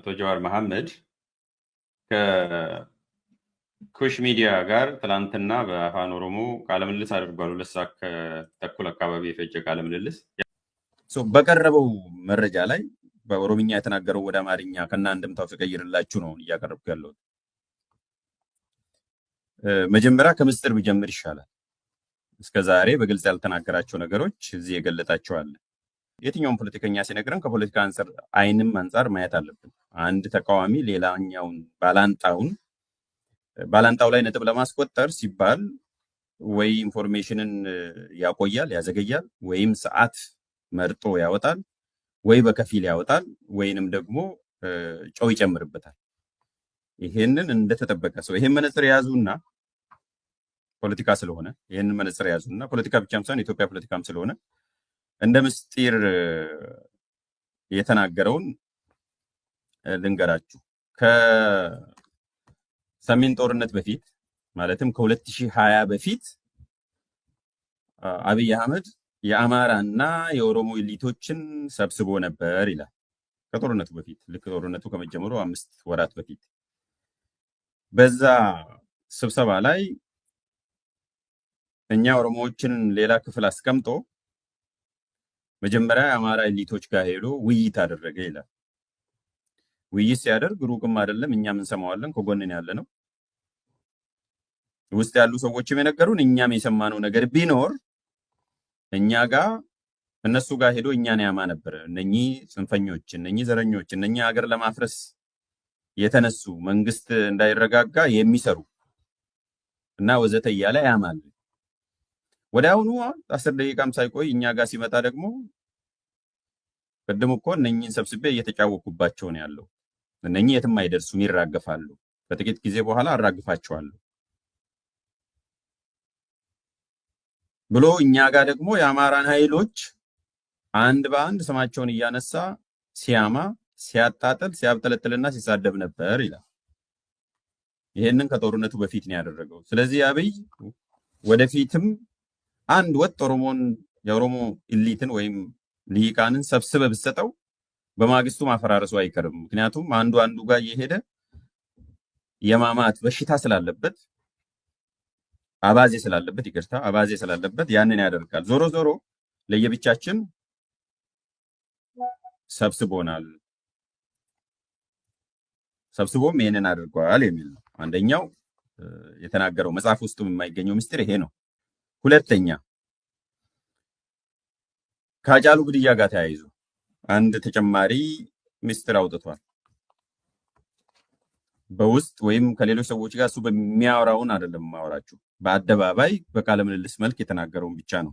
አቶ ጀዋር መሐመድ ከኩሽ ሚዲያ ጋር ትናንትና በአፋን ኦሮሞ ቃለምልልስ አድርጓል። ሁለት ሰዓት ተኩል አካባቢ የፈጀ ቃለምልልስ በቀረበው መረጃ ላይ በኦሮምኛ የተናገረው ወደ አማርኛ ከና አንድምታው ተቀይርላችሁ ነው እያቀረብኩ ያለሁት። መጀመሪያ ከምስጢር ብጀምር ይሻላል። እስከ ዛሬ በግልጽ ያልተናገራቸው ነገሮች እዚህ የገለጣቸዋለን። የትኛውም ፖለቲከኛ ሲነግረን ከፖለቲካ አንጻር አይንም አንጻር ማየት አለብን። አንድ ተቃዋሚ ሌላኛውን ባላንጣውን ባላንጣው ላይ ነጥብ ለማስቆጠር ሲባል ወይ ኢንፎርሜሽንን ያቆያል ያዘገያል፣ ወይም ሰዓት መርጦ ያወጣል፣ ወይ በከፊል ያወጣል፣ ወይንም ደግሞ ጨው ይጨምርበታል። ይሄንን እንደተጠበቀ ሰው ይሄን መነጽር የያዙና ፖለቲካ ስለሆነ ይህንን መነጽር የያዙና ፖለቲካ ብቻም ሳይሆን ኢትዮጵያ ፖለቲካም ስለሆነ እንደ ምስጢር የተናገረውን ልንገራችሁ። ከሰሜን ጦርነት በፊት ማለትም ከ2020 በፊት አብይ አህመድ የአማራ እና የኦሮሞ ኤሊቶችን ሰብስቦ ነበር ይላል። ከጦርነቱ በፊት ልክ ጦርነቱ ከመጀመሩ አምስት ወራት በፊት በዛ ስብሰባ ላይ እኛ ኦሮሞዎችን ሌላ ክፍል አስቀምጦ መጀመሪያ የአማራ ኤሊቶች ጋር ሄዶ ውይይት አደረገ ይላል። ውይይት ሲያደርግ ሩቅም አይደለም፣ እኛም እንሰማዋለን፣ ከጎንን ያለ ነው። ውስጥ ያሉ ሰዎችም የነገሩን እኛም የሰማነው ነገር ቢኖር እኛ ጋር እነሱ ጋር ሄዶ እኛን ያማ ነበር። እነኚህ ጽንፈኞች፣ እነኚህ ዘረኞች፣ እነኚህ ሀገር ለማፍረስ የተነሱ መንግስት እንዳይረጋጋ የሚሰሩ እና ወዘተ እያለ ያማል። ወደ አሁኑ አስር ደቂቃም ሳይቆይ እኛ ጋር ሲመጣ ደግሞ ቅድም እኮ እነኚህን ሰብስቤ እየተጫወኩባቸው ነው ያለው እነኚህ የትም አይደርሱም፣ ይራገፋሉ። ከጥቂት ጊዜ በኋላ አራግፋቸዋለሁ ብሎ እኛ ጋር ደግሞ የአማራን ኃይሎች አንድ በአንድ ስማቸውን እያነሳ ሲያማ፣ ሲያጣጥል፣ ሲያብጠለጥልና ሲሳደብ ነበር ይላል። ይህንን ከጦርነቱ በፊት ነው ያደረገው። ስለዚህ አብይ ወደፊትም አንድ ወጥ ኦሮሞን የኦሮሞ ኢሊትን ወይም ልሂቃንን ሰብስበ ብሰጠው በማግስቱ ማፈራረሱ አይቀርም። ምክንያቱም አንዱ አንዱ ጋር እየሄደ የማማት በሽታ ስላለበት አባዜ ስላለበት ይቅርታ፣ አባዜ ስላለበት ያንን ያደርጋል። ዞሮ ዞሮ ለየብቻችን ሰብስቦናል። ሰብስቦም ይህንን አድርጓል የሚል ነው አንደኛው የተናገረው መጽሐፍ ውስጥም የማይገኘው ምስጢር ይሄ ነው። ሁለተኛ ከአጫሉ ግድያ ጋር ተያይዞ አንድ ተጨማሪ ምስጢር አውጥቷል። በውስጥ ወይም ከሌሎች ሰዎች ጋር እሱ በሚያወራውን አይደለም ማወራችሁ፣ በአደባባይ በቃለ ምልልስ መልክ የተናገረውን ብቻ ነው።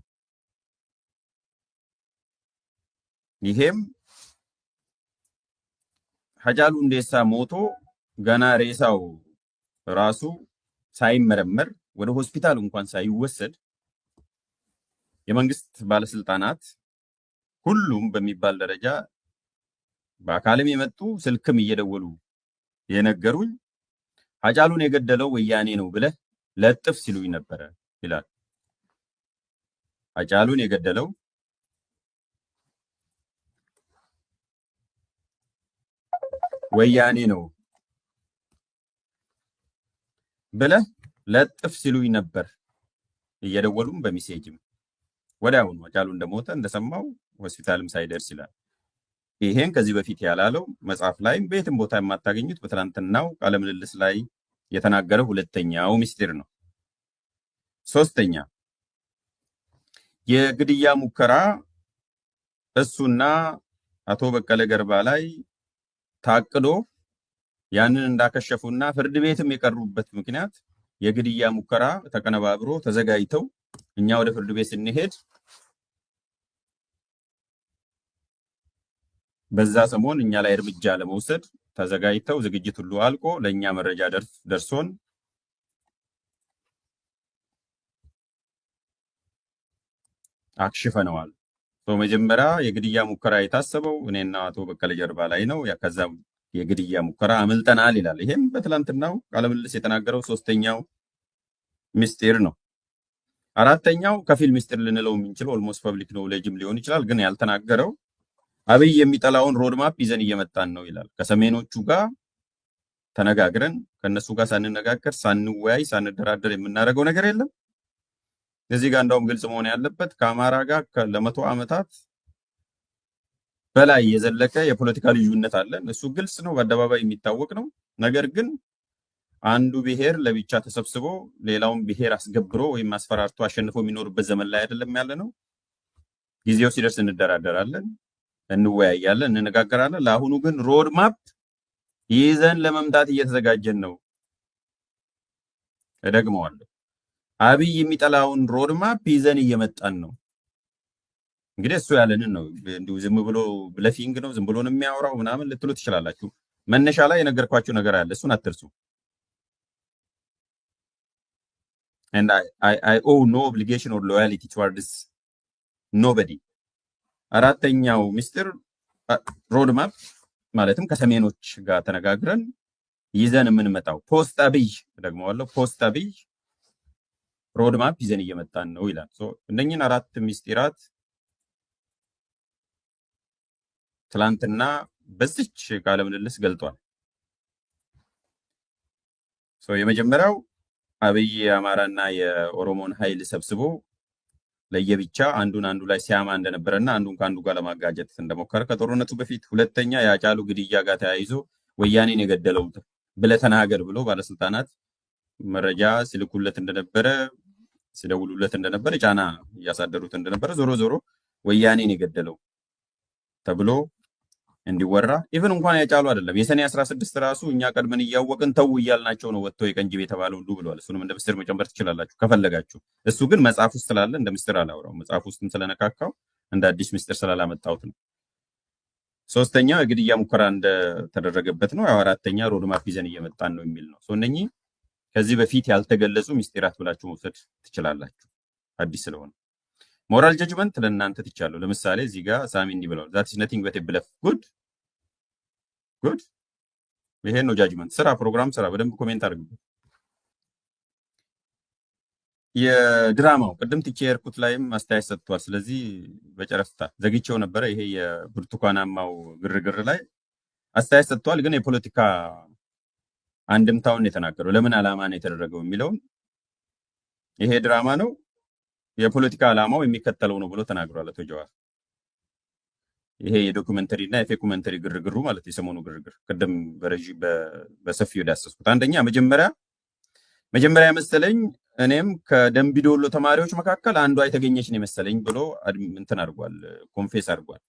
ይሄም ሀጫሉ ሁንዴሳ ሞቶ ገና ሬሳው ራሱ ሳይመረመር ወደ ሆስፒታል እንኳን ሳይወሰድ የመንግስት ባለስልጣናት ሁሉም በሚባል ደረጃ በአካልም የመጡ ስልክም እየደወሉ የነገሩኝ አጫሉን የገደለው ወያኔ ነው ብለህ ለጥፍ ሲሉኝ ነበረ ይላል። ሀጫሉን የገደለው ወያኔ ነው ብለህ ለጥፍ ሲሉኝ ነበር እየደወሉም በሚሴጅም ወዲያውኑ ሀጫሉ እንደሞተ እንደሰማው ሆስፒታልም ሳይደርስ ይላል። ይሄን ከዚህ በፊት ያላለው መጽሐፍ ላይ በየትም ቦታ የማታገኙት በትናንትናው ቃለምልልስ ላይ የተናገረው ሁለተኛው ምስጢር ነው። ሶስተኛ የግድያ ሙከራ እሱና አቶ በቀለ ገርባ ላይ ታቅዶ ያንን እንዳከሸፉና ፍርድ ቤትም የቀሩበት ምክንያት የግድያ ሙከራ ተቀነባብሮ ተዘጋጅተው እኛ ወደ ፍርድ ቤት ስንሄድ በዛ ሰሞን እኛ ላይ እርምጃ ለመውሰድ ተዘጋጅተው ዝግጅት ሁሉ አልቆ ለእኛ መረጃ ደርሶን አክሽፈነዋል። መጀመሪያ የግድያ ሙከራ የታሰበው እኔና አቶ በቀለ ጀርባ ላይ ነው። ከዛ የግድያ ሙከራ አምልጠናል ይላል። ይሄም በትላንትናው ቃለምልስ የተናገረው ሶስተኛው ምስጢር ነው። አራተኛው ከፊል ምስጢር ልንለው የምንችለው ኦልሞስት ፐብሊክ ኖውሌጅም ሊሆን ይችላል፣ ግን ያልተናገረው አብይ የሚጠላውን ሮድማፕ ይዘን እየመጣን ነው ይላል። ከሰሜኖቹ ጋር ተነጋግረን ከእነሱ ጋር ሳንነጋገር ሳንወያይ ሳንደራደር የምናደርገው ነገር የለም። እዚህ ጋር እንዳውም ግልጽ መሆን ያለበት ከአማራ ጋር ለመቶ ዓመታት በላይ የዘለቀ የፖለቲካ ልዩነት አለን። እሱ ግልጽ ነው፣ በአደባባይ የሚታወቅ ነው። ነገር ግን አንዱ ብሔር ለብቻ ተሰብስቦ ሌላውን ብሔር አስገብሮ ወይም አስፈራርቶ አሸንፎ የሚኖርበት ዘመን ላይ አይደለም ያለ ነው። ጊዜው ሲደርስ እንደራደራለን። እንወያያለን፣ እንነጋገራለን። ለአሁኑ ግን ሮድ ማፕ ይዘን ለመምጣት እየተዘጋጀን ነው። እደግመዋለሁ፣ አብይ የሚጠላውን ሮድ ማፕ ይዘን እየመጣን ነው። እንግዲህ እሱ ያለንን ነው። እንዲሁ ዝም ብሎ ብለፊንግ ነው፣ ዝም ብሎ ነው የሚያወራው ምናምን ልትሉ ትችላላችሁ። መነሻ ላይ የነገርኳችሁ ነገር አለ፣ እሱን አትርሱ። and I, I, I owe no obligation or loyalty towards nobody. አራተኛው ሚስጥር ሮድማፕ ማለትም ከሰሜኖች ጋር ተነጋግረን ይዘን የምንመጣው ፖስት አብይ ደግሞ አለው ፖስት አብይ ሮድማፕ ይዘን እየመጣን ነው ይላል። እነኝን አራት ሚስጢራት ትላንትና በዚች ቃለ ምልልስ ገልጧል። የመጀመሪያው አብይ የአማራና የኦሮሞን ኃይል ሰብስቦ ለየብቻ አንዱን አንዱ ላይ ሲያማ እንደነበረና አንዱን ከአንዱ ጋር ለማጋጀት እንደሞከረ ከጦርነቱ በፊት ሁለተኛ የአጫሉ ግድያ ጋር ተያይዞ ወያኔን የገደለው ብለህ ተናገር ብሎ ባለስልጣናት መረጃ ሲልኩለት እንደነበረ ሲደውሉለት እንደነበረ ጫና እያሳደሩት እንደነበረ ዞሮ ዞሮ ወያኔን የገደለው ተብሎ እንዲወራ ኢቨን እንኳን ያጫሉ አይደለም የሰኔ አስራ ስድስት ራሱ እኛ ቀድመን እያወቅን ተው እያልናቸው ነው ወጥተው የቀንጅብ የተባለ ሁሉ ብለዋል። እሱንም እንደ ምስጢር መጨመር ትችላላችሁ ከፈለጋችሁ። እሱ ግን መጽሐፍ ውስጥ ስላለ እንደ ምስጢር አላውራው መጽሐፍ ውስጥም ስለነካካው እንደ አዲስ ምስጢር ስላላመጣሁት ነው። ሶስተኛው የግድያ ሙከራ እንደተደረገበት ነው። አራተኛ ሮድማፕ ይዘን እየመጣን ነው የሚል ነው። እነኚህ ከዚህ በፊት ያልተገለጹ ምስጢራት ብላችሁ መውሰድ ትችላላችሁ። አዲስ ስለሆነ ሞራል ጀጅመንት ለእናንተ ትቻለሁ። ለምሳሌ እዚህ ጋር ሳሚ እንዲህ ብለዋል ዛት ኢዝ ነቲንግ በት ብለፍ ጉድ ጉድ ይሄን ነው ጃጅመንት። ስራ ፕሮግራም ስራ በደንብ ኮሜንት አድርግበት። የድራማው ቅድም ትቼ የሄድኩት ላይም አስተያየት ሰጥቷል። ስለዚህ በጨረፍታ ዘግቼው ነበረ። ይሄ የብርቱካናማው ግርግር ላይ አስተያየት ሰጥቷል። ግን የፖለቲካ አንድምታውን የተናገረው ለምን ዓላማ ነው የተደረገው የሚለውን ይሄ ድራማ ነው የፖለቲካ ዓላማው የሚከተለው ነው ብሎ ተናግሯል አቶ ጀዋር። ይሄ የዶኩመንተሪ እና የፌኩመንተሪ ግርግሩ ማለት የሰሞኑ ግርግር ቅድም በሰፊው ዳሰስኩት። አንደኛ መጀመሪያ መጀመሪያ የመሰለኝ እኔም ከደንቢዶሎ ተማሪዎች መካከል አንዷ የተገኘች ነው የመሰለኝ ብሎ እንትን አድርጓል፣ ኮንፌስ አድርጓል።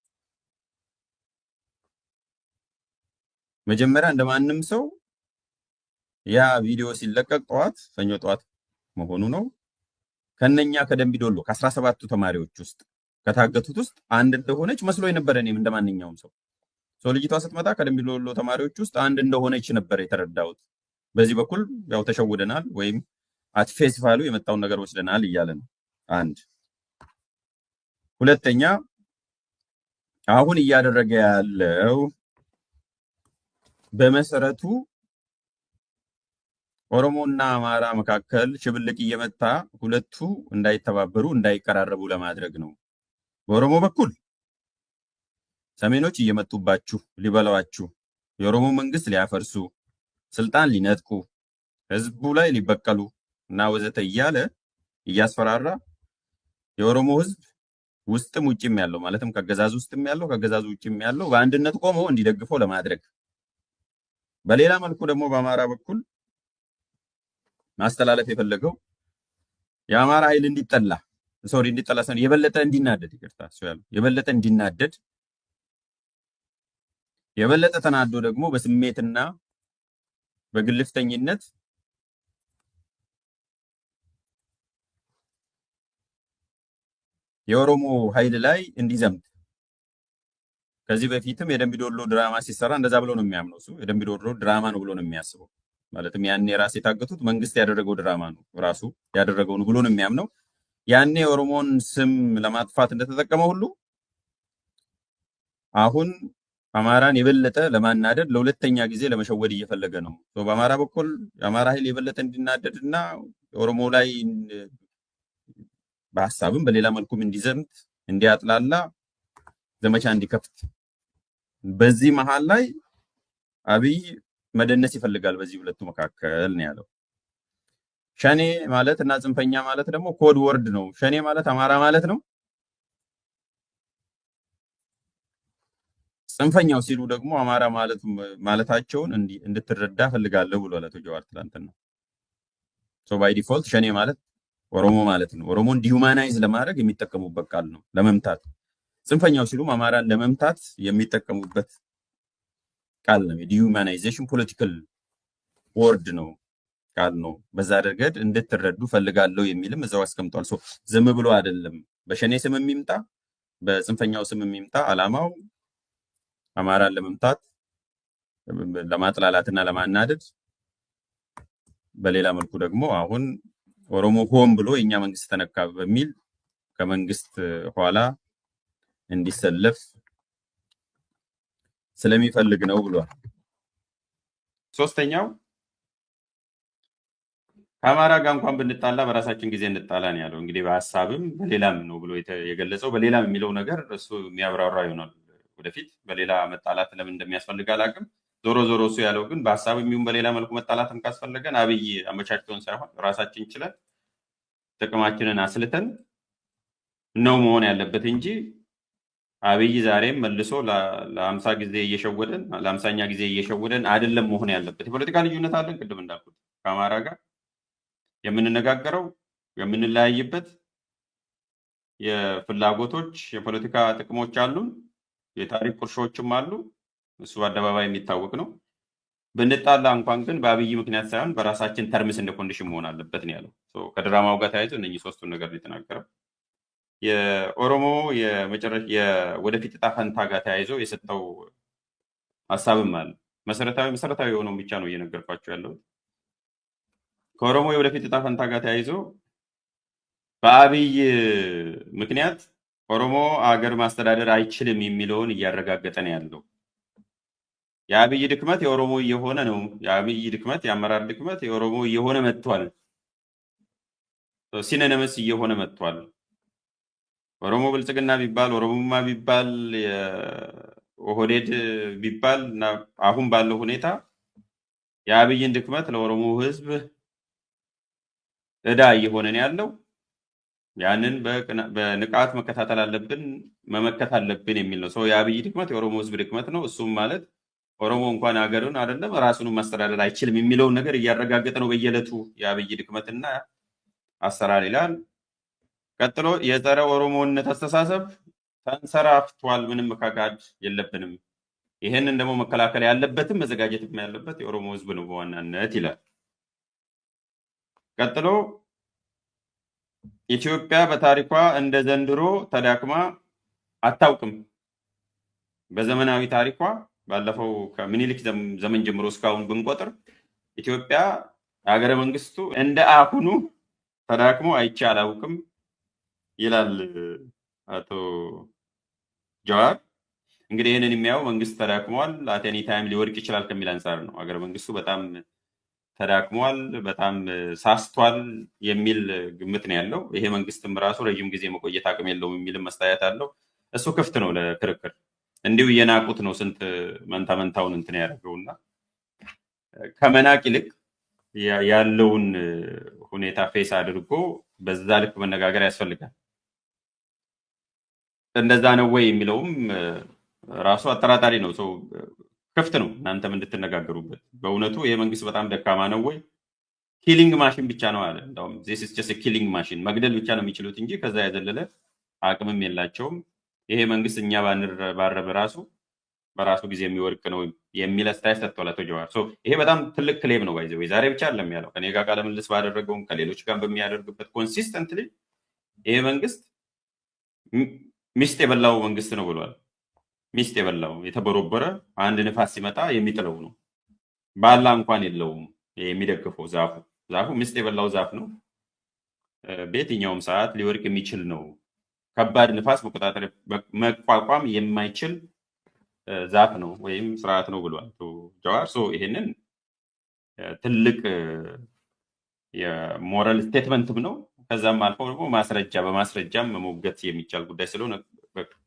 መጀመሪያ እንደ ማንም ሰው ያ ቪዲዮ ሲለቀቅ ጠዋት ሰኞ ጠዋት መሆኑ ነው ከነኛ ከደምቢዶሎ ከአስራ ሰባቱ ተማሪዎች ውስጥ ከታገቱት ውስጥ አንድ እንደሆነች መስሎ የነበረ እኔም እንደ ማንኛውም ሰው ሰው ልጅቷ ስትመጣ ከደምቢ ዶሎ ተማሪዎች ውስጥ አንድ እንደሆነች ነበር የተረዳሁት። በዚህ በኩል ያው ተሸውደናል ወይም አትፌስ ቫሉ የመጣውን ነገር ወስደናል እያለ ነው። አንድ ሁለተኛ አሁን እያደረገ ያለው በመሰረቱ ኦሮሞና አማራ መካከል ሽብልቅ እየመታ ሁለቱ እንዳይተባበሩ እንዳይቀራረቡ ለማድረግ ነው። በኦሮሞ በኩል ሰሜኖች እየመጡባችሁ ሊበላዋችሁ፣ የኦሮሞ መንግስት ሊያፈርሱ፣ ስልጣን ሊነጥቁ፣ ህዝቡ ላይ ሊበቀሉ እና ወዘተ እያለ እያስፈራራ የኦሮሞ ህዝብ ውስጥም ውጭም ያለው ማለትም ከገዛዝ ውስጥም ያለው ከአገዛዙ ውጭም ያለው በአንድነት ቆሞ እንዲደግፈው ለማድረግ በሌላ መልኩ ደግሞ በአማራ በኩል ማስተላለፍ የፈለገው የአማራ ኃይል እንዲጠላ ሶሪ እንዲጠላ ሳይሆን የበለጠ እንዲናደድ ይቅርታ፣ እሱ ያለው የበለጠ እንዲናደድ የበለጠ ተናዶ ደግሞ በስሜትና በግልፍተኝነት የኦሮሞ ኃይል ላይ እንዲዘምት ከዚህ በፊትም የደምቢዶሎ ድራማ ሲሰራ እንደዛ ብሎ ነው የሚያምነው። እሱ የደምቢዶሎ ድራማ ነው ብሎ ነው የሚያስበው። ማለትም ያኔ ራስ የታገቱት መንግስት ያደረገው ድራማ ነው ራሱ ያደረገው ነው ብሎ ነው የሚያምነው። ያኔ የኦሮሞን ስም ለማጥፋት እንደተጠቀመ ሁሉ አሁን አማራን የበለጠ ለማናደድ ለሁለተኛ ጊዜ ለመሸወድ እየፈለገ ነው። በአማራ በኩል የአማራ ኃይል የበለጠ እንዲናደድ እና ኦሮሞ ላይ በሀሳብም በሌላ መልኩም እንዲዘምት እንዲያጥላላ ዘመቻ እንዲከፍት በዚህ መሀል ላይ አብይ መደነስ ይፈልጋል። በዚህ ሁለቱ መካከል ነው ያለው። ሸኔ ማለት እና ጽንፈኛ ማለት ደግሞ ኮድ ወርድ ነው። ሸኔ ማለት አማራ ማለት ነው። ጽንፈኛው ሲሉ ደግሞ አማራ ማለት ማለታቸውን እንድትረዳ ፈልጋለሁ ብሏል አቶ ጀዋር ትላንትና። ባይ ዲፎልት ሸኔ ማለት ኦሮሞ ማለት ነው። ኦሮሞን ዲሁማናይዝ ለማድረግ የሚጠቀሙበት ቃል ነው፣ ለመምታት ጽንፈኛው ሲሉም አማራን ለመምታት የሚጠቀሙበት ቃል ነው። የዲሁማናይዜሽን ፖለቲካል ወርድ ነው። ቃል ነው። በዛ ረገድ እንድትረዱ ፈልጋለሁ የሚልም እዛው አስቀምጧል። ዝም ብሎ አይደለም። በሸኔ ስም የሚምጣ በጽንፈኛው ስም የሚምጣ አላማው አማራን ለመምታት ለማጥላላትና ለማናደድ፣ በሌላ መልኩ ደግሞ አሁን ኦሮሞ ሆን ብሎ የእኛ መንግስት ተነካ በሚል ከመንግስት ኋላ እንዲሰለፍ ስለሚፈልግ ነው ብሏል። ሶስተኛው ከአማራ ጋር እንኳን ብንጣላ በራሳችን ጊዜ እንጣላ ነው ያለው። እንግዲህ በሀሳብም በሌላም ነው ብሎ የገለጸው። በሌላም የሚለው ነገር እሱ የሚያብራራ ይሆናል ወደፊት። በሌላ መጣላት ለምን እንደሚያስፈልግ አላውቅም። ዞሮ ዞሮ እሱ ያለው ግን በሀሳብ የሚሆን በሌላ መልኩ መጣላትም ካስፈለገን አብይ አመቻችቶን ሳይሆን ራሳችን ችለን ጥቅማችንን አስልተን ነው መሆን ያለበት እንጂ አብይ ዛሬም መልሶ ለአምሳ ጊዜ እየሸወደን ለአምሳኛ ጊዜ እየሸወደን አይደለም መሆን ያለበት። የፖለቲካ ልዩነት አለን ቅድም እንዳልኩት ከአማራ ጋር የምንነጋገረው የምንለያይበት የፍላጎቶች የፖለቲካ ጥቅሞች አሉን፣ የታሪክ ቁርሾችም አሉ። እሱ በአደባባይ የሚታወቅ ነው። ብንጣላ እንኳን ግን በአብይ ምክንያት ሳይሆን በራሳችን ተርምስ እንደ ኮንዲሽን መሆን አለበት ነው ያለው። ከድራማው ጋር ተያይዞ እነኚህ ሶስቱን ነገር የተናገረው የኦሮሞ ወደፊት እጣ ፈንታ ጋር ተያይዞ የሰጠው ሀሳብም አለ። መሰረታዊ መሰረታዊ የሆነው ብቻ ነው እየነገርኳቸው ያለሁት። ከኦሮሞ የወደፊት እጣ ፈንታ ጋር ተያይዞ በአብይ ምክንያት ኦሮሞ አገር ማስተዳደር አይችልም የሚለውን እያረጋገጠ ነው ያለው። የአብይ ድክመት የኦሮሞ እየሆነ ነው። የአብይ ድክመት፣ የአመራር ድክመት የኦሮሞ እየሆነ መጥቷል። ሲነነመስ እየሆነ መጥቷል። ኦሮሞ ብልጽግና ቢባል ኦሮሞማ ቢባል ኦህዴድ ቢባል እና አሁን ባለው ሁኔታ የአብይን ድክመት ለኦሮሞ ሕዝብ እዳ እየሆነን ያለው። ያንን በንቃት መከታተል አለብን፣ መመከት አለብን የሚል ነው። ሰው የአብይ ድክመት የኦሮሞ ህዝብ ድክመት ነው። እሱም ማለት ኦሮሞ እንኳን ሀገሩን አይደለም ራሱንም ማስተዳደር አይችልም የሚለውን ነገር እያረጋገጠ ነው በየዕለቱ። የአብይ ድክመትና አሰራር ይላል። ቀጥሎ የጸረ ኦሮሞነት አስተሳሰብ ተንሰራፍቷል። ምንም መካካድ የለብንም። ይህንን ደግሞ መከላከል ያለበትም መዘጋጀት ያለበት የኦሮሞ ህዝብ ነው በዋናነት ይላል። ቀጥሎ ኢትዮጵያ በታሪኳ እንደ ዘንድሮ ተዳክማ አታውቅም። በዘመናዊ ታሪኳ ባለፈው ከምኒልክ ዘመን ጀምሮ እስካሁን ብንቆጥር ኢትዮጵያ ሀገረ መንግስቱ እንደ አሁኑ ተዳክሞ አይቼ አላውቅም ይላል አቶ ጀዋር። እንግዲህ ይህንን የሚያው መንግስት ተዳክሟል፣ አቴኒ ታይም ሊወድቅ ይችላል ከሚል አንጻር ነው። ሀገረ መንግስቱ በጣም ተዳክሟል፣ በጣም ሳስቷል የሚል ግምት ነው ያለው። ይሄ መንግስትም ራሱ ረዥም ጊዜ መቆየት አቅም የለውም የሚልም መስታየት አለው። እሱ ክፍት ነው ለክርክር። እንዲሁ እየናቁት ነው ስንት መንታ መንታውን እንትን ያደርገውና ከመናቅ ይልቅ ያለውን ሁኔታ ፌስ አድርጎ በዛ ልክ መነጋገር ያስፈልጋል። እንደዛ ነው ወይ የሚለውም ራሱ አጠራጣሪ ነው ሰው ክፍት ነው፣ እናንተም እንድትነጋገሩበት። በእውነቱ ይሄ መንግስት በጣም ደካማ ነው ወይ ኪሊንግ ማሽን ብቻ ነው አለ። እንደውም ኪሊንግ ማሽን መግደል ብቻ ነው የሚችሉት እንጂ ከዛ ያዘለለ አቅምም የላቸውም። ይሄ መንግስት እኛ ባረብ ራሱ በራሱ ጊዜ የሚወድቅ ነው የሚል አስተያየት ሰጥተዋል አቶ ጀዋር። ይሄ በጣም ትልቅ ክሌም ነው። ይዘ ዛሬ ብቻ አለም ያለው ከኔ ጋር ቃለ ባደረገውም ከሌሎች ጋር በሚያደርግበት ኮንሲስተንት ይሄ መንግስት ሚስት የበላው መንግስት ነው ብሏል። ሚስት የበላው የተበረበረ አንድ ንፋስ ሲመጣ የሚጥለው ነው። ባላ እንኳን የለውም የሚደግፈው ዛፉ ዛፉ ሚስት የበላው ዛፍ ነው። በየትኛውም ሰዓት ሊወርቅ የሚችል ነው። ከባድ ንፋስ መቆጣጠር መቋቋም የማይችል ዛፍ ነው ወይም ስርዓት ነው ብሏል ጀዋር። ይሄንን ትልቅ የሞራል ስቴትመንትም ነው። ከዛም አልፈው ደግሞ ማስረጃ በማስረጃም መሞገት የሚቻል ጉዳይ ስለሆነ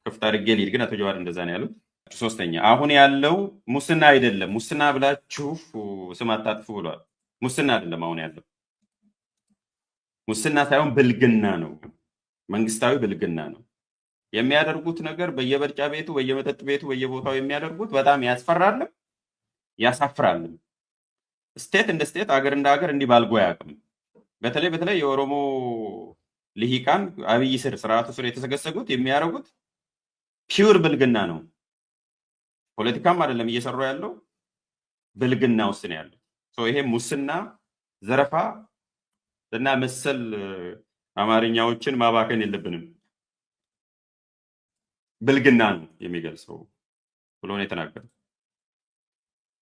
ክፍት አድርጌ ልሂድ ግን አቶ ጀዋር እንደዛ ነው ያሉት። ሶስተኛ አሁን ያለው ሙስና አይደለም፣ ሙስና ብላችሁ ስም አታጥፉ ብሏል። ሙስና አይደለም አሁን ያለው ሙስና ሳይሆን ብልግና ነው፣ መንግስታዊ ብልግና ነው። የሚያደርጉት ነገር በየበርጫ ቤቱ፣ በየመጠጥ ቤቱ፣ በየቦታው የሚያደርጉት በጣም ያስፈራልም ያሳፍራልም። ስቴት እንደ ስቴት፣ አገር እንደ አገር እንዲህ ባልጎ አያውቅም። በተለይ በተለይ የኦሮሞ ልሂቃን አብይ ስር ስርዓቱ ስር የተሰገሰጉት የሚያደርጉት ፒውር ብልግና ነው። ፖለቲካም አይደለም እየሰሩ ያለው ብልግና ውስጥ ነው ያለው። ይሄ ሙስና፣ ዘረፋ እና መሰል አማርኛዎችን ማባከን የለብንም። ብልግና ነው የሚገልጸው ብሎ ነው የተናገረው።